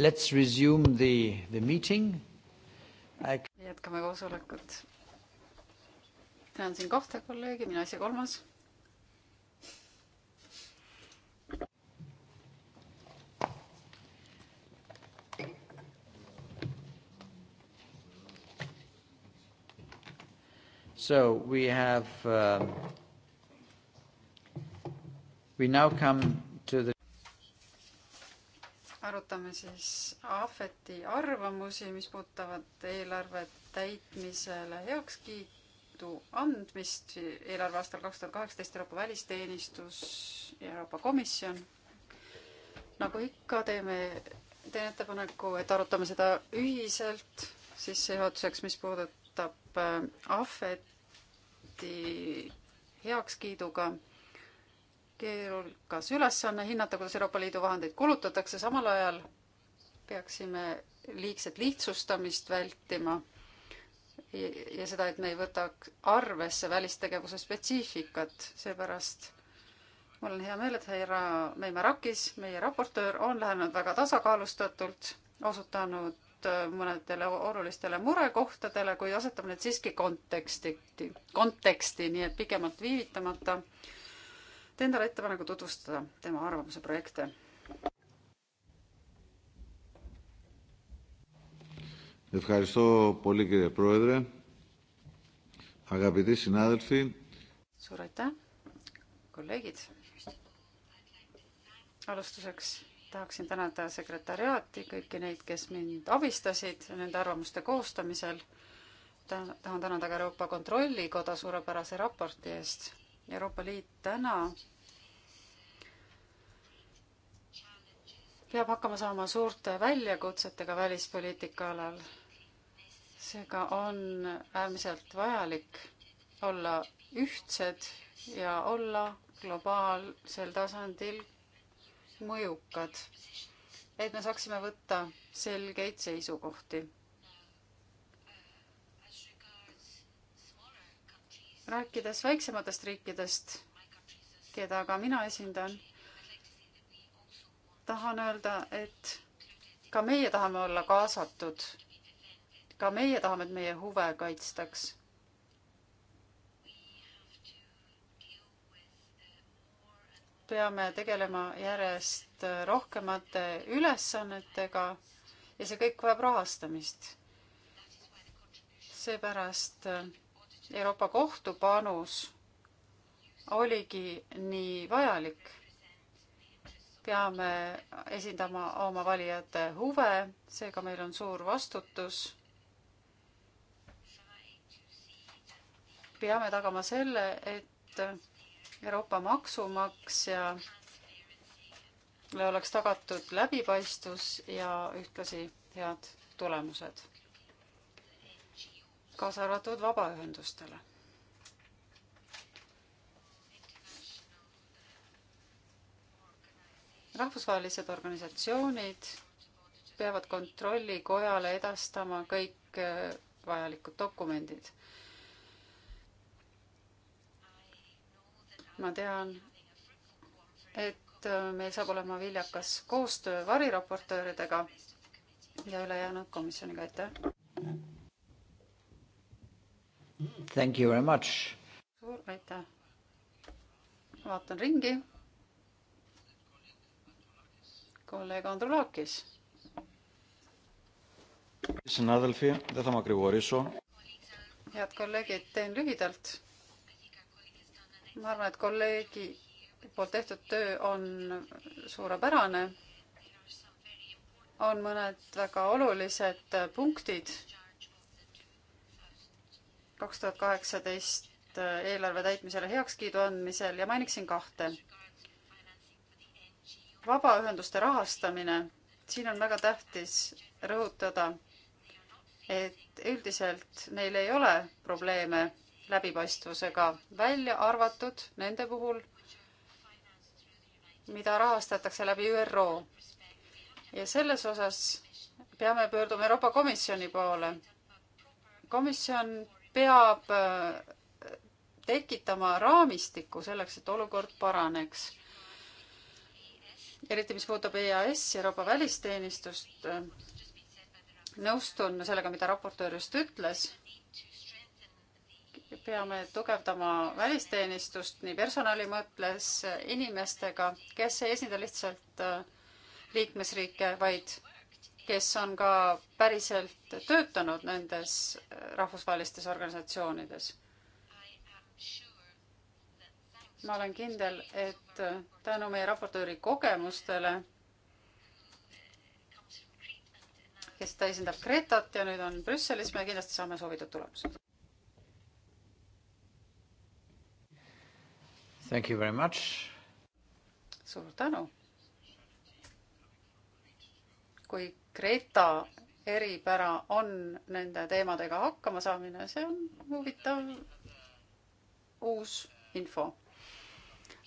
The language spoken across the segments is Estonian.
Let's resume the, the meeting I.... jätkame koosolekut. tänan siin kahte kolleegi, mina ise kolmas. So we have um, we now come arutame siis Ahveti arvamusi, mis puudutavad eelarve täitmisele heakskiitu andmist eelarve aastal kaks tuhat kaheksateist Euroopa Välisteenistus ja Euroopa Komisjon. nagu ikka, teeme, teen ettepaneku, et arutame seda ühiselt sissejuhatuseks, mis puudutab äh, Ahveti heakskiiduga keerukas ülesanne hinnata, kuidas Euroopa Liidu vahendeid kulutatakse, samal ajal peaksime liigset lihtsustamist vältima ja seda, et me ei võta arvesse välistegevuse spetsiifikat, seepärast mul on hea meel, et härra Meimarakis, meie raportöör, on lähenenud väga tasakaalustatult, osutanud äh, mõnedele olulistele murekohtadele, kuid asetab need siiski konteksti, konteksti, nii et pikemalt viivitamata teen talle ettepaneku tutvustada tema arvamuse projekte. Ευχαριστώ πολύ κύριε Πρόεδρε. Αγαπητοί συνάδελφοι. Suur aitäh, kolleegid. alustuseks tahaksin tänada sekretäriaati, kõiki neid, kes mind abistasid nende arvamuste koostamisel. tahan tänada ka Euroopa Kontrollikoda suurepärase raporti eest. Euroopa Liit täna peab hakkama saama suurte väljakutsetega välispoliitika alal. seega on äärmiselt vajalik olla ühtsed ja olla globaalsel tasandil mõjukad, et me saaksime võtta selgeid seisukohti. rääkides väiksematest riikidest, keda ka mina esindan tahan öelda, et ka meie tahame olla kaasatud. ka meie tahame, et meie huve kaitstaks. peame tegelema järjest rohkemate ülesannetega ja see kõik vajab rahastamist. seepärast Euroopa Kohtu panus oligi nii vajalik peame esindama oma valijate huve, seega meil on suur vastutus. peame tagama selle, et Euroopa maksumaksjale oleks tagatud läbipaistvus ja ühtlasi head tulemused, kaasa arvatud vabaühendustele rahvusvahelised organisatsioonid peavad kontrollikojale edastama kõik eh, vajalikud dokumendid. ma tean, et eh, meil saab olema viljakas koostöö variraportööridega ja ülejäänud komisjoniga, aitäh! Thank you very much! suur aitäh! vaatan ringi kolleeg Andrulakis. head kolleegid, teen lühidalt. ma arvan, et kolleegi poolt tehtud töö on suurepärane. on mõned väga olulised punktid. kaks tuhat kaheksateist eelarve täitmisele heakskiidu andmisel ja mainiksin kahte vabaühenduste rahastamine, siin on väga tähtis rõhutada, et üldiselt neil ei ole probleeme läbipaistvusega, välja arvatud nende puhul, mida rahastatakse läbi ÜRO. ja selles osas peame pöörduma Euroopa Komisjoni poole. komisjon peab äh, tekitama raamistiku selleks, et olukord paraneks eriti mis puudutab EAS-i, Euroopa välisteenistust, nõustun sellega, mida raportöör just ütles. peame tugevdama välisteenistust nii personali mõttes inimestega, kes ei esinda lihtsalt äh, liikmesriike, vaid kes on ka päriselt töötanud nendes äh, rahvusvahelistes organisatsioonides ma olen kindel, et tänu meie raportööri kogemustele, kes ta esindab Kreetat ja nüüd on Brüsselis, me kindlasti saame soovitud tulemused. Thank you very much. suur tänu. kui Kreeta eripära on nende teemadega hakkama saamine, see on huvitav uus info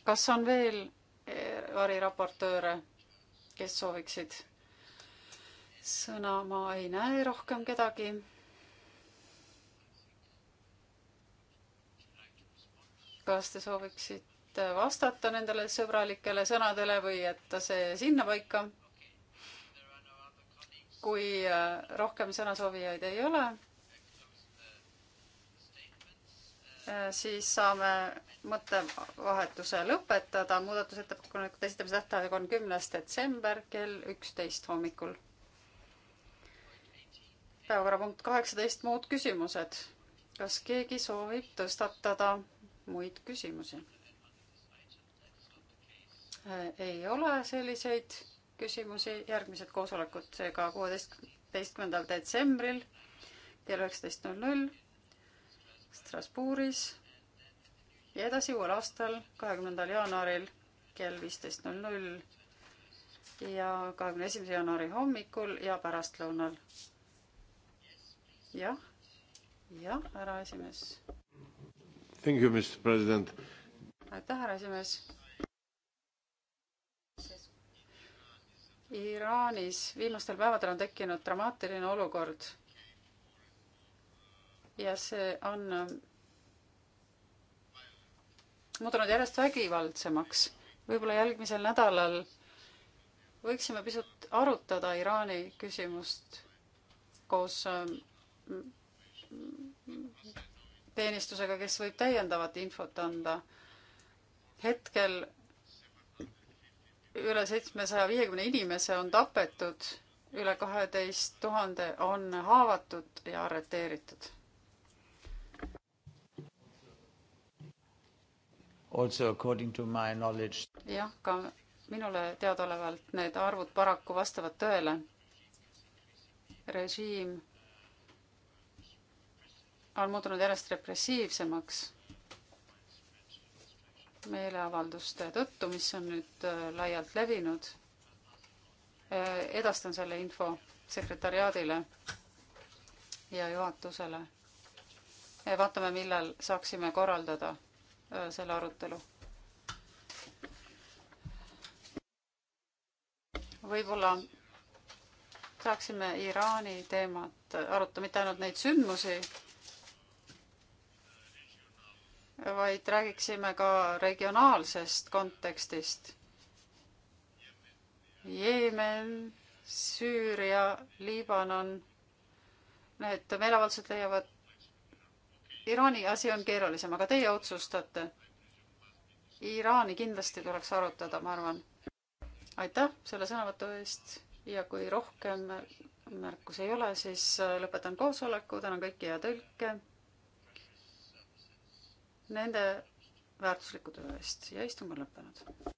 kas on veel eh, variraportööre, kes sooviksid sõna, ma ei näe rohkem kedagi. kas te sooviksite vastata nendele sõbralikele sõnadele või jätta see sinnapaika? kui eh, rohkem sõnasoovijaid ei ole Äh, siis saame mõttevahetuse lõpetada. muudatusettepanekute esitamise tähtaeg on kümnes detsember kell üksteist hommikul. päevakorrapunkt kaheksateist, muud küsimused. kas keegi soovib tõstatada muid küsimusi? Äh, ei ole selliseid küsimusi, järgmised koosolekud seega kuueteistkümnendal detsembril kell üheksateist null null Strasbourgis ja edasi uuel aastal, kahekümnendal jaanuaril kell viisteist null null ja kahekümne esimese jaanuari hommikul ja pärastlõunal ja,. jah, jah, härra esimees. Thank you, Mr President. aitäh, härra esimees. Iraanis viimastel päevadel on tekkinud dramaatiline olukord ja see on muutunud järjest vägivaldsemaks. võib-olla järgmisel nädalal võiksime pisut arutada Iraani küsimust koos mm, teenistusega, kes võib täiendavat infot anda. hetkel üle seitsmesaja viiekümne inimese on tapetud, üle kaheteist tuhande on haavatud ja arreteeritud Also according to my knowledge. jah, ka minule teadaolevalt need arvud paraku vastavad tõele. režiim on muutunud järjest repressiivsemaks meeleavalduste tõttu, mis on nüüd äh, laialt levinud. Äh, edastan selle info sekretariaadile ja juhatusele. vaatame, millal saaksime korraldada Äh, selle arutelu. võib-olla saaksime Iraani teemat arutada, mitte ainult neid sündmusi, vaid räägiksime ka regionaalsest kontekstist. Jeemen, Süüria, Liibanon, need meeleavaldused leiavad Iraani asi on keerulisem, aga teie otsustate. Iraani kindlasti tuleks arutada, ma arvan. aitäh selle sõnavõtu eest ja kui rohkem märkusi ei ole, siis äh, lõpetan koosoleku, tänan kõiki ja tõlke nende väärtusliku töö eest ja istung on lõppenud.